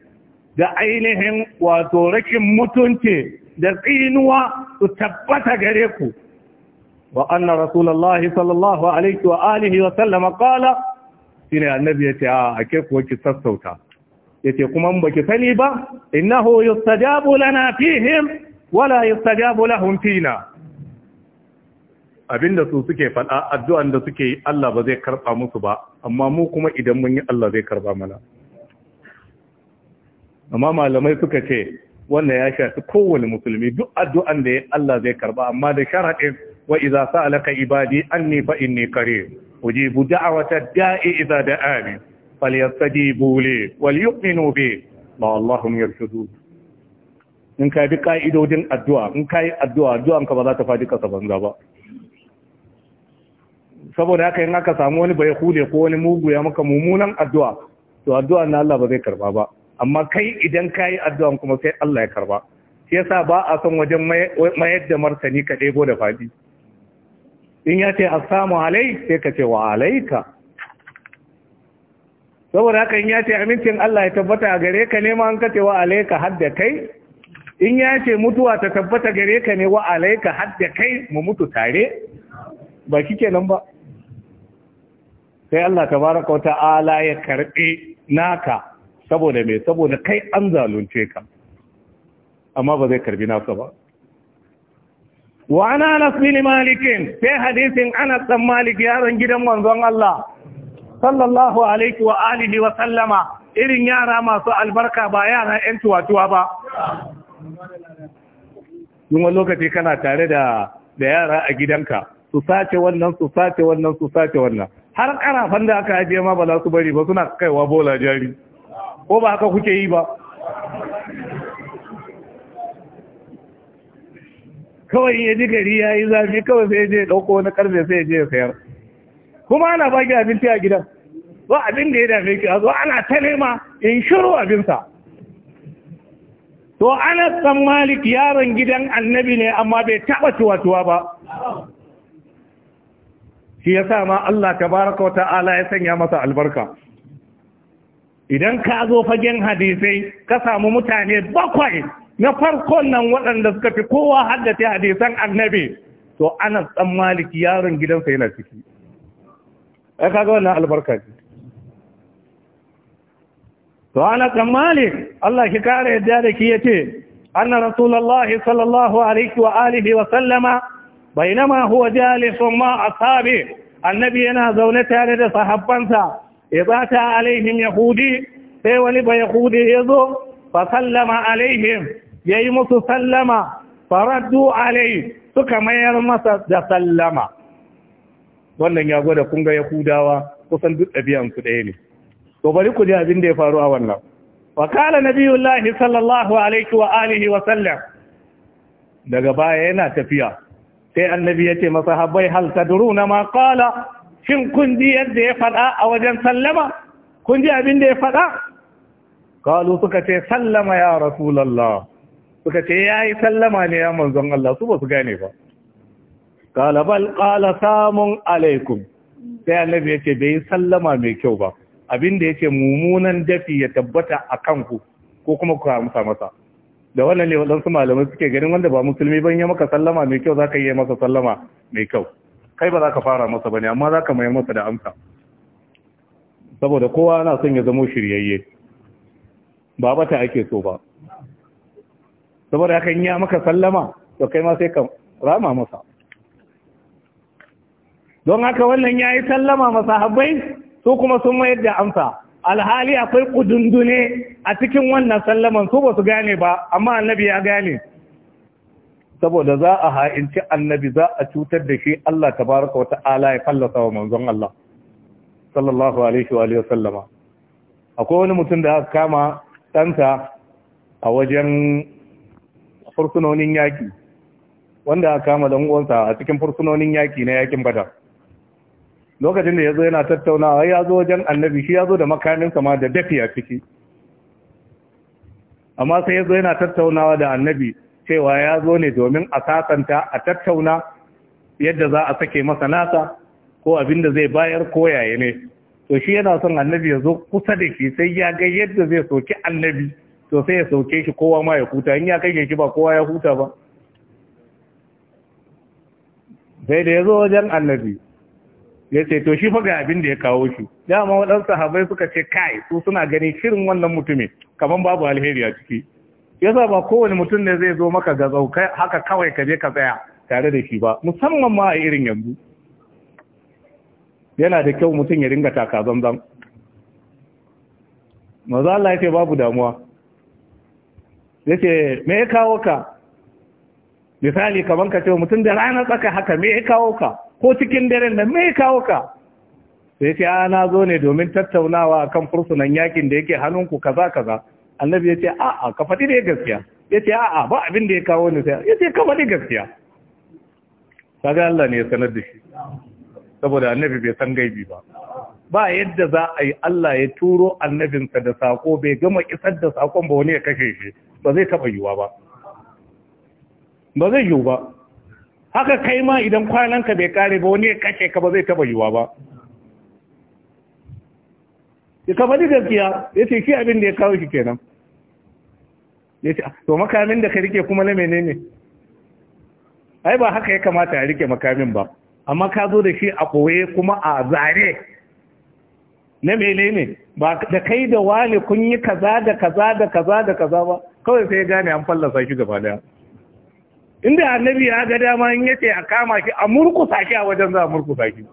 da ainihin wato rashin mutunci da tsinuwa su tabbata gare ku وأن رسول الله صلى الله عليه وآله وسلم قال سنة النبي يتعى كيف وكتستوتا يتقوم أمبك سنبا إنه يستجاب لنا فيهم ولا يستجاب لهم فينا abinda su suke faɗa addu'an da suke yi Allah ba zai karɓa musu ba amma mu kuma idan mun yi Allah zai karɓa mana amma malamai suka ce wannan ya shafi kowane musulmi duk addu'an da ya Allah zai karɓa amma da sharaɗin wa idza sa'alaka ibadi anni fa inni qareeb ujibu da'wata da'i idza da'ani falyastajibu li wal yu'minu bi ma Allahum yarshudun in ka bi ka'idodin addu'a in ka yi addu'a addu'an ka ba za ta faɗi ƙasa banza ba saboda haka yin aka samu wani bai hule ko wani mugu ya maka mummunan addu'a to addu’a na Allah ba zai karba ba amma kai idan ka yi addu'an kuma sai Allah ya karba shi yasa ba a son wajen mayar da martani ka ɗebo da faɗi in ya ce assalamu alaik sai ka ce wa alaika saboda haka in ya ce amincin Allah ya tabbata a gare ka ne ma an kace wa alaika hadda kai in ya ce mutuwa ta tabbata gare ka ne wa alaika hadda kai mu mutu tare ba kike nan ba sai Allah tabaraka wata'ala ya karbe naka saboda me saboda kai an zalunce ka amma ba zai karbi naka ba wa ana anas bin malikin sai hadisin anas dan malik yaron gidan manzon Allah sallallahu alaihi wa alihi wa sallama irin yara masu albarka ba yara yan tuwatuwa ba Kuma lokaci kana tare da da yara a gidanka su sace wannan su sace wannan su sace wannan har karafan da aka ajiye ma ba za su bari ba suna kaiwa bola jari ko ba haka kuke yi ba kawai ya ji gari ya yi zafi kawai sai je ɗauko na karfe sai je sayar kuma ana ba ki abinci a gidan ba abin da ya dame ki a zo ana ta nema in shiru abinsa to ana san malik yaron gidan annabi ne amma bai taɓa tuwa-tuwa ba shi ya sa ma Allah baraka wata ala ya sanya masa albarka idan ka zo fagen hadisai ka samu mutane bakwai na farkon nan waɗanda suka fi kowa haddace hadisan annabi to ana dan maliki yaron gidansa yana ciki ya kaga wannan albarka ce to ana dan malik Allah ki kare yadda da ki yace anna rasulullahi sallallahu alaihi wa alihi wa sallama bainama huwa jalisun ma ashabi annabi yana zaune tare da sahabbansa ta alaihim yahudi sai wani ba yahudi yazo fa sallama alaihim ya yi musu sallama faraddu alai suka mayar masa da sallama wannan ya gwada kunga yahudawa kusan duk ɗabi'ansu ɗaya ne to bari ku ji abin da ya faru a wannan wa kala nabiyullahi sallallahu alaihi wa alihi wa sallam daga baya yana tafiya sai annabi ya ce masa habbai hal tadruna ma qala shin kun ji yadda ya faɗa a wajen sallama kun ji abin da ya faɗa kalu suka ce sallama ya rasulullah suka ce ya yi sallama ne ya manzon Allah su ba su gane ba kalabal kala samun alaikum sai annabi ya ce bai sallama mai kyau ba abinda ya ce mummunan dafi ya tabbata a kanku ko kuma ku hamsa masa da wannan ne waɗansu malamai suke ganin wanda ba musulmi ban ya maka sallama mai kyau za ka yi masa sallama mai kyau kai ba za ka fara masa ba ne amma za ka mayar masa da amsa saboda kowa na son ya zamo shiryayye ba bata ake so ba saboda haka ya maka sallama to kai ma sai ka rama masa don haka wannan ya yi sallama masa habai su kuma sun mayar da amsa alhali akwai kudundune a cikin wannan sallaman su ba su gane ba amma annabi ya gane saboda za a ha'inci annabi za a cutar da shi Allah tabaraka wa ta'ala ya fallasa wa manzon Allah sallallahu alaihi wa sallama akwai wani mutum da aka kama ɗansa a wajen fursunonin yaƙi wanda aka kama dan uwansa a cikin fursunonin yaƙi na yaƙin bada. lokacin da ya zo yana tattaunawa ya zo wajen annabi shi ya zo da makamin sama da dafi a ciki amma sai ya zo yana tattaunawa da annabi cewa ya zo ne domin a sasanta a tattauna yadda za a sake masa nasa ko abin da zai bayar ko yaye ne to shi yana son annabi ya zo kusa da shi sai ya ga yadda zai soki annabi to sai ya sauke shi kowa ma ya huta in ya kashe shi ba kowa ya huta ba sai da ya zo wajen annabi ya ce to shi fa ga abin da ya kawo shi dama waɗansu sahabai suka ce kai su suna gani shirin wannan mutumin kaman babu alheri a ciki yasa ba kowane mutum ne zai zo maka ga zaukai haka kawai ka je ka tsaya tare da shi ba musamman ma a irin yanzu yana da kyau mutum ya ringa taka zanzan maza Allah ya ce babu damuwa ya ce me ya kawo ka misali kaman ka ce mutum da ranar tsaka haka me ya kawo ka ko cikin daren da me ya kawo ka sai ce a ah, na zo ne domin tattaunawa kan fursunan yakin da yake hannunku kaza kaza annabi ya ce a'a ka faɗi da gaskiya ya ce a'a ba abin da ya kawo ni sai ya ce ka faɗi gaskiya kaga Allah ne ya sanar da shi saboda annabi bai san gaibi ba ba yadda za a yi Allah ya turo annabinsa da sako bai gama isar da sakon ba wani ya kashe shi ba zai taɓa yiwa ba ba zai yiwu ba haka kai ma idan kwananka bai kare ba wani ya kashe ka ba zai taɓa yiwa ba ya kama gaskiya ya ce shi abin da ya kawo shi kenan ya ce ah, to makamin da ka rike kuma na menene ai ba haka ya kamata a rike makamin ba amma ka zo da shi a koye kuma a zare na menene ba da kai da wani kun yi kaza da kaza da kaza da kaza ba kawai sai gane an fallasa shi gaba daya inda annabi ya ga dama in yace a kama shi a murkusa shi a wajen za a murkusa shi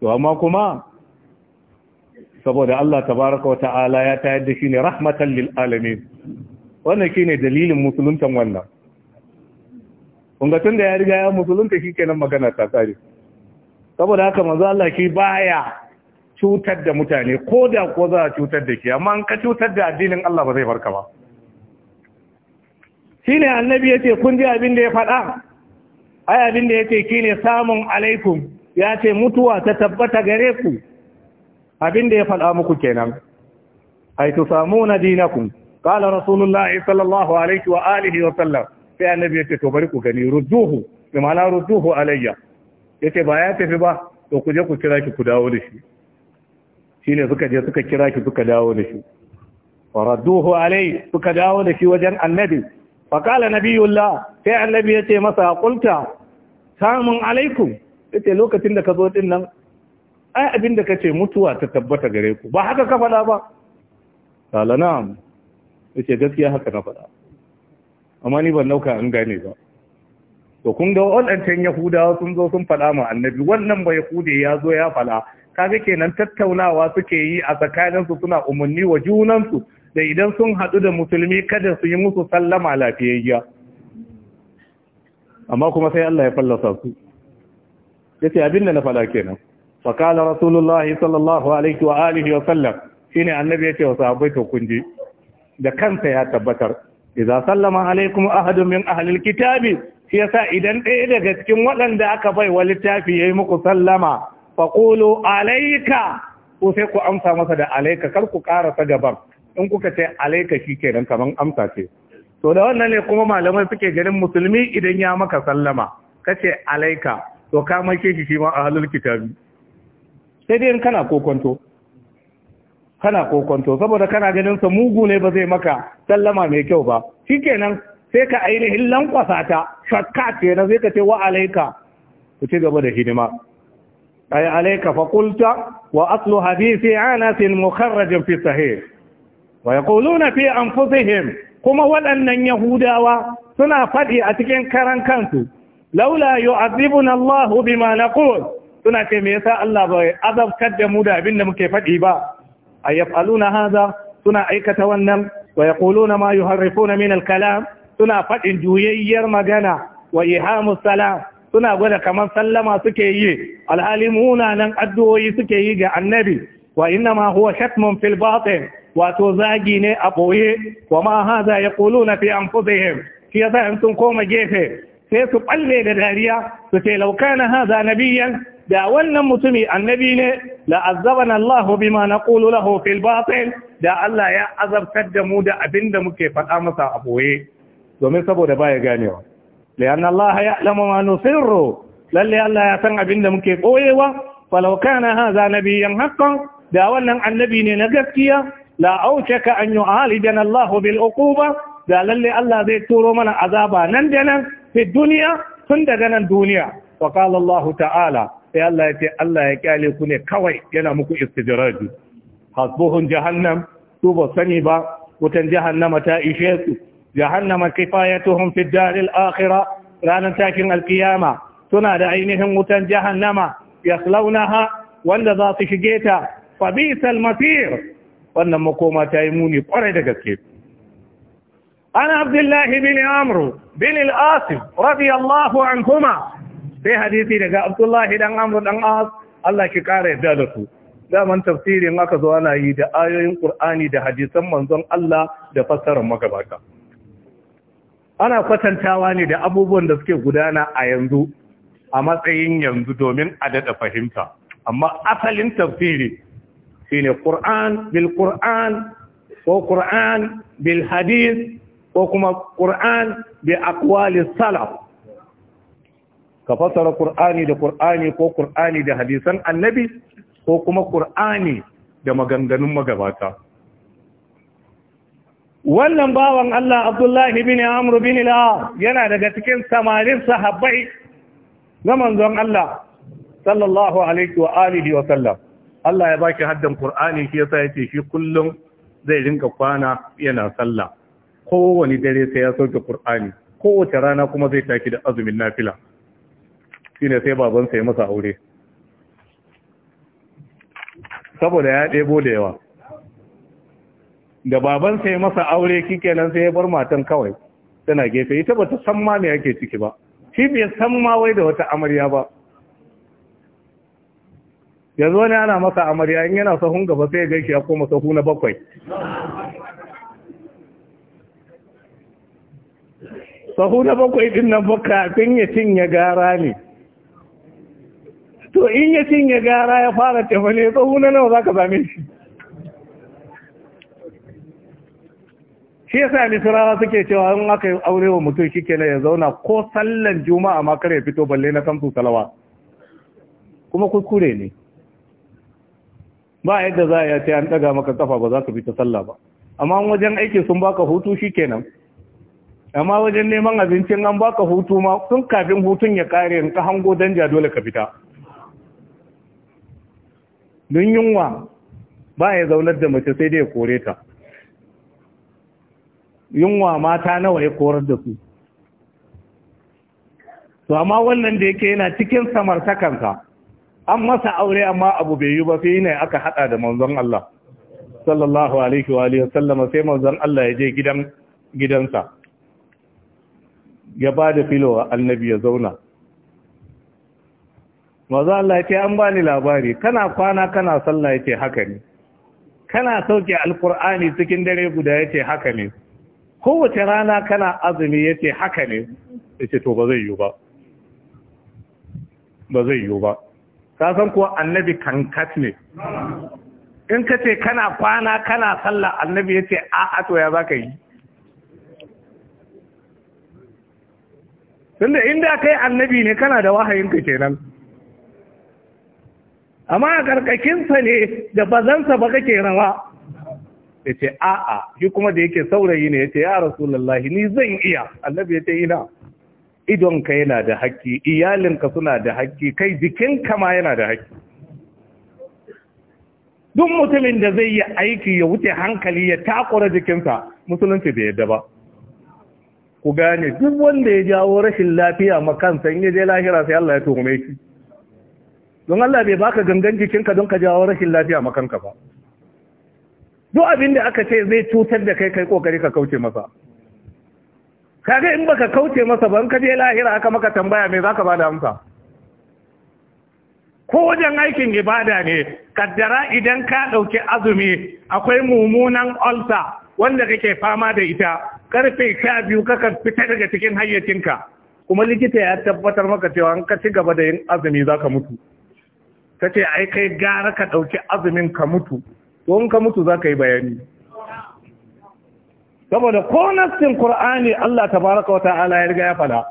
to amma kuma saboda Allah tabaraka wa ta'ala ya tayar da shi ne rahmatan lil alamin wannan shine dalilin musuluntan wannan kun ga tunda ya riga ya musulunta shikenan magana ta kare saboda haka manzo Allah shi baya cutar da mutane ko da ko za a cutar da ke amma an ka cutar da addinin Allah ba zai farka ba shi ne annabi ya ce kun ji abin da ya faɗa ai abin da ya ce ki ne samun alaikum ya ce mutuwa ta tabbata gare ku abin da ya faɗa muku kenan ai tu samu na dinakun Kala rasulullah sallallahu alaihi wa alihi wa sallam sai annabi ya ce to bari ku gani rudduhu bi ma'ana rudduhu alayya yace ba ya tafi ba to ku je ku kira ki ku dawo da shi shine suka je suka kira shi suka dawo da shi faradduhu alai suka dawo da shi wajen annabi biyu nabiyullah sai annabi ya ce masa qulta samun alaikum yace lokacin da ka zo din nan ai abin da kace mutuwa ta tabbata gare ku ba haka ka faɗa ba qala na'am yace gaskiya haka na faɗa amma ni ban dauka an gane ba to kun ga waɗancan yahudawa sun zo sun faɗa ma annabi wannan ba yahude ya zo ya faɗa kaga kenan tattaunawa suke yi a tsakaninsu suna umarni wa junansu da idan sun haɗu da musulmi kada su yi musu sallama lafiyayya amma kuma sai Allah ya fallasa su yace abin da na fada kenan fa kala rasulullahi sallallahu alaihi wa alihi wa sallam shine annabi yace wa sahabbai to kun da kansa ya tabbatar idza sallama alaikum ahadun min ahli alkitabi shi yasa idan ɗaya daga cikin waɗanda aka bai wa littafi yayi muku sallama faƙulu alaika ko sai ku amsa masa da alaika kar ku ƙarasa gaban in kuka ce alaika shi kenan kamar amsa ce to da wannan ne kuma malamai suke ganin musulmi idan ya maka sallama ka ce alaika to ka mace shi shi ma halin kitabi sai dai in kana kokonto kana kokonto saboda kana ganin sa mugu ne ba zai maka sallama mai kyau ba shi kenan sai ka ainihin lankwasa ta shakka ce na zai ka ce wa alaika ku ci gaba da hidima أي عليك فقلت وأصل حديث عانس مخرج في الصحيح ويقولون في أنفسهم كما ولأن يهودا سنا فدي أتكين كران كانتو لولا يعذبنا الله بما نقول سنا كميسا الله بي أذب كد مودا بنا مكفدي با أي يفعلون هذا سنا أيكة ونم ويقولون ما يهرفون من الكلام سنا فدي جويير مجانا وإيهام السلام suna gwada kamar sallama suke yi alhali munanan addu'o'i suke yi ga annabi wa inna ma huwa shatmun fil batin wato zagi ne a boye wa ma hadha yaquluna fi anfusihim shi yasa in sun koma gefe sai su balle da dariya su ce law kana hadha nabiyyan da wannan mutumi annabi ne la azabana Allah bima naqulu lahu fil batin da Allah ya azabtar da mu da abinda muke faɗa masa a boye domin saboda baya ganewa lian Allah ya'lamu Allah ya san abin da muke koyewa haza na biyu yan haqqan da wannan annabi ne na gaskiya la autaka a yu'alidana Allah bil uku ba. da lallai Allah zai turo mana azaba nan da nan fi duniya tun daga nan duniya wa ta'ala sai Allah ya ce Allah ya kyale ku ne kawai yana muku istijraji hasbuhun jahannam su ba sani ba wutan jahannama ta ishe su jahannama kifayatuhum fi daril akhirah ranar takin alkiyama suna da ainihin wutan jahannama yaslaunaha wanda za su shige ta fa bisal masir wannan makoma ta yi muni kwarai da gaske an abdullahi bin amru bin al-asim radiyallahu anhuma sai hadisi daga abdullahi dan amru dan as Allah ki kara yadda da su daman tafsirin aka zo ana yi da ayoyin qur'ani da hadisan manzon Allah da fassarar magabata ana kwatantawa ne da abubuwan da suke gudana a yanzu a matsayin yanzu domin a daɗa fahimta amma asalin tafsiri shine Qur'an bil Qur'an ko Qur'an bil hadith ko kuma Qur'an bi akwali salaf ka fasara Qur'ani da Qur'ani ko ƙur'ani da hadisan annabi ko kuma Qur'ani da maganganun magabata wannan bawan Allah Abdullahi bin Amru bin Ila yana daga cikin samarin sahabbai na manzon Allah sallallahu alaihi wa alihi wa sallam Allah ya baki haddan Qur'ani shi yasa yace shi kullum zai rinka kwana yana sallah kowani dare sai ya sauke Qur'ani kowace rana kuma zai taki da azumin nafila shine sai babansa ya masa aure saboda ya ɗebo da yawa da baban ya masa aure nan sai ya bar matan kawai tana gefe ita bata san ma me yake ciki ba shi bai san ma wai da wata amarya ba yanzu wani ana masa amarya in yana sahun gaba sai ya gaishe ya koma sahu na bakwai sahu na bakwai din nan baka tun ya cinye gara ne to in ya cinye gara ya fara tafane sahu na nawa zaka same shi shi yasa misrawa suke cewa in aka yi aure wa mutum shi kenan ya zauna ko sallan juma'a ma kare fito balle na kamsu salawa kuma kuskure ne ba yadda za a ce an daga maka kafa ba za ka fita sallah ba amma wajen aiki sun baka hutu shi kenan amma wajen neman abincin an baka hutu ma tun kafin hutun ya kare in ka hango danja dole ka fita don yunwa ba ya zaunar da mace sai dai ya kore ta yunwa mata nawa ya korar da su to amma wannan da yake yana cikin samartakansa an masa aure amma abu bai yi ba sai ne aka hada da manzon Allah sallallahu alaihi wa alihi sallama sai manzon Allah ya je gidan gidansa ya ba da filo annabi ya zauna Maza Allah ce an bani labari kana kwana kana sallah ya ce haka ne kana sauke alkur'ani cikin dare guda ya ce haka ne kowace rana kana azumi ya ce haka ne ya ce to ba zai yiwu ba ba zai yiwu ba san kuwa annabi kankat ne in ka ce kana kwana kana sallah annabi ya ce a to ya za ka yi tunda inda kai annabi ne kana da wahayinka kenan amma a ƙarƙashinsa ne da bazansa ba kake rawa ya ce a'a shi kuma da yake saurayi ne ya ce ya rasulallahi ni zan iya annabi ya ce ina ka yana da haƙƙi iyalinka suna da haƙƙi kai jikinka ma yana da haƙƙi duk mutumin da zai yi aiki ya wuce hankali ya takura jikinsa musulunci bai yadda ba ku gane duk wanda ya jawo rashin lafiya makansa in ya je lahira sai Allah ya tuhume shi don Allah bai baka gangan jikinka don ka jawo rashin lafiya makanka ba duk abin da aka ce zai cutar da kai kai kokari ka kauce masa kaga in baka kauce masa ban ka je lahira aka maka tambaya me zaka bada amsa ko wajen aikin ibada ne kaddara idan ka ɗauki azumi akwai mumunan ulcer wanda kake fama da ita karfe biyu kaka fita daga cikin hayyacinka kuma likita ya tabbatar maka cewa an ka ci gaba da yin azumi zaka mutu kace ai kai gara ka dauki azumin ka mutu to in ka mutu za ka yi bayani saboda ko nassin qur'ani Allah tabaraka wa ta'ala ya riga ya fada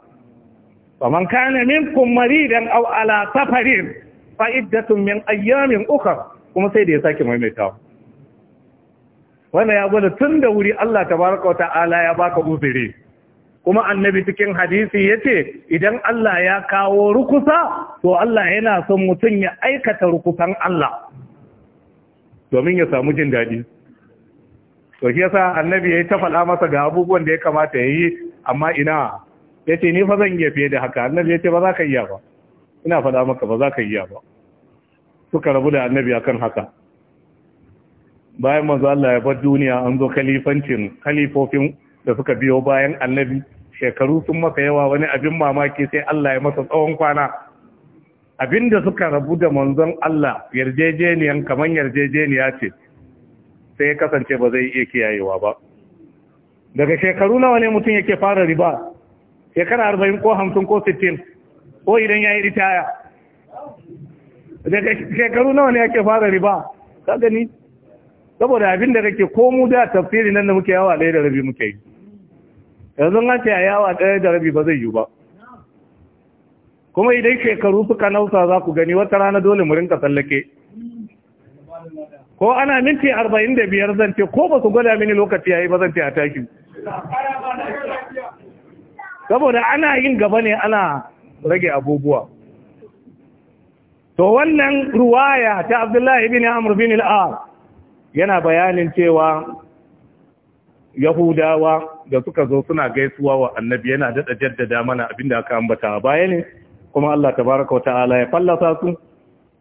man kana minkum maridan aw ala safarin fa iddatun min ayyamin ukhra kuma sai da ya sake maimaita wannan ya gwada tun da wuri Allah tabaraka wa ta'ala ya baka uzuri kuma annabi cikin hadisi ya ce idan Allah ya kawo rukusa to Allah yana son mutum ya aikata rukusan Allah domin ya samu jin daɗi to shi yasa annabi ya yi ta faɗa masa ga abubuwan da ya kamata ya yi amma ina ya ce ni fa zan iya fiye da haka annabi ya ce ba za ka iya ba ina faɗa maka ba za ka iya ba suka rabu da annabi a kan haka bayan manzo Allah ya bar duniya an zo kalifancin kalifofin da suka biyo bayan annabi shekaru sun masa yawa wani abin mamaki sai Allah ya masa tsawon kwana abinda suka rabu da manzon Allah yarjejeniyan kamar yarjejeniya ce sai ya kasance ba zai iya kiyayewa ba daga shekaru nawa ne mutum yake fara riba shekara arba'in ko hamsin ko sittin ko idan ya yi ritaya daga shekaru nawa ne yake fara riba ka gani saboda abin da kake ko mu da tafsiri nan da muke yawa da rabi muke yi yanzu an ce yawa da rabi ba zai yi ba kuma idan shekaru suka nausa za ku gani wata rana dole mu rinka tsallake ko ana minti arba'in da biyar zan ce ko ba su gwada mini lokaci yi ba zan ce a tashi saboda ana yin gaba ne ana rage abubuwa to wannan ruwaya ta abdullahi bin amr bin al yana bayanin cewa yahudawa da suka zo suna gaisuwa wa annabi yana daɗa jaddada mana abinda aka ambata bayanin kuma Allah tabaraka wa ta'ala ya fallasa su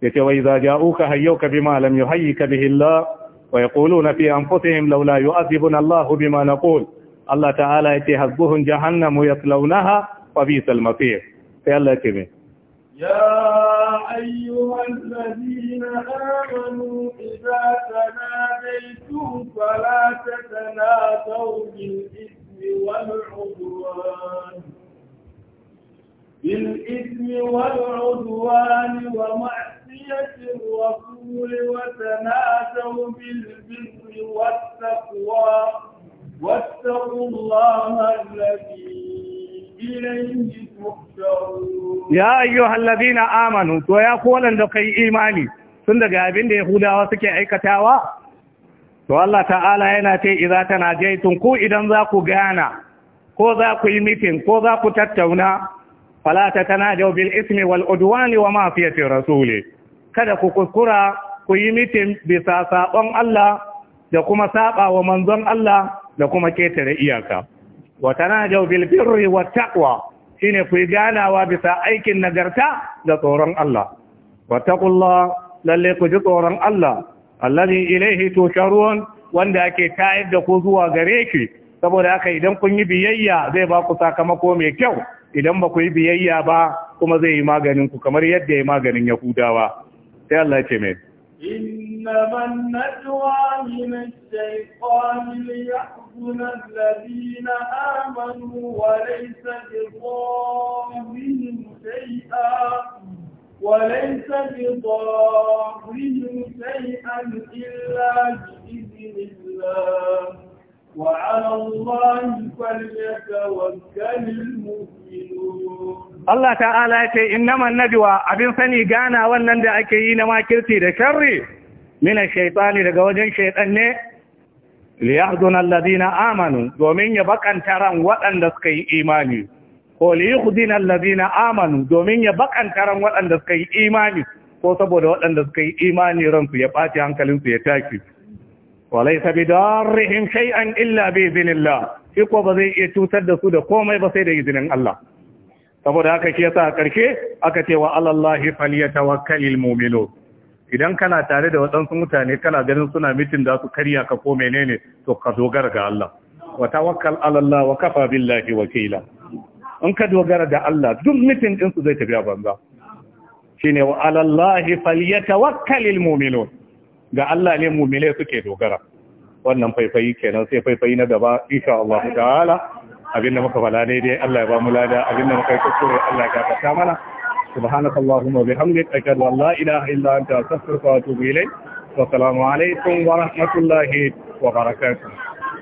yace wa idza ja'uka hayyuka bima lam yuhayyika bihi Allah wa yaquluna fi anfusihim laula yu'adhibuna Allah bima naqul Allah ta'ala yace hasbuhum jahannam yaslawnaha wa bi'sal masir sai Allah yace me يا أيها الذين آمنوا إذا تناديتم فلا تتنادوا بالإثم والعدوان بالإذن والعدوان ومعصية الرسول وتناسوا بالبر والتقوى واتقوا الله الذي إليه تحشرون يا أيها الذين آمنوا ويا قولا لقي إيماني tun daga abin da Yahudawa suke aikatawa? To Allah ta'ala yana ce, "Iza tana jaitun ku idan za ku gana, ko za ku yi mitin, ko za ku tattauna, Falata ta tanajaw bil ismi wal wa ma'siyati rasuli kada ku kuskura ku yi mitin bisa sabon Allah da kuma saba wa manzon Allah da kuma ketare iyaka wa tanajaw bil birri wat taqwa shine ku yi ganawa bisa aikin nagarta da tsoron Allah wa taqullah lalle ku ji tsoron Allah allazi ilaihi tusharun wanda ake tayar da ku zuwa gare shi saboda haka idan kun yi biyayya zai ba ku sakamako mai kyau idan ba ku yi biyayya ba kuma zai yi maganin ku kamar yadda ya maganin yahudawa sai Allah ya ce mai إنما النجوى من الشيطان ليحزن الذين آمنوا وليس وليس بضارهم شيئا إلا بإذن الله وعلى الله فليتوكل Allah ta'ala ya ce innaman najwa abin sani gana wannan da ake yi na makirci da sharri mina shaytani daga wajen shaitan ne li yahduna na amanu domin ya bakanta ran waɗanda suka yi imani ko li yahdina na amanu domin ya bakanta ran waɗanda suka yi imani ko saboda waɗanda suka yi imani ransu ya ɓaci hankalinsu ya tafi. walaysa bidarrihim shay'an illa bi idhnillah shi ko ba zai iya cutar da su da komai ba sai da izinin Allah saboda haka shi yasa a ƙarshe aka ce wa alallahi falyatawakkalul mu'minu idan kana tare da waɗansu mutane kana ganin suna mitin da su karya ka ko menene to ka dogara ga Allah wa tawakkal alallah wa kafa billahi wakila in ka dogara da Allah duk mitin din su zai tafi a banza shine wa alallahi falyatawakkalul mu'minun ga Allah ne mumine suke dogara wannan faifayi kenan sai faifayi na gaba insha Allah ta'ala abinda muka fala ne dai Allah ya ba mu lada abinda muka yi kuskure Allah ya gafarta mana subhanaka allahumma wa bihamdik ashhadu an la ilaha illa anta astaghfiruka wa atubu ilayk wa assalamu alaikum wa rahmatullahi wa barakatuh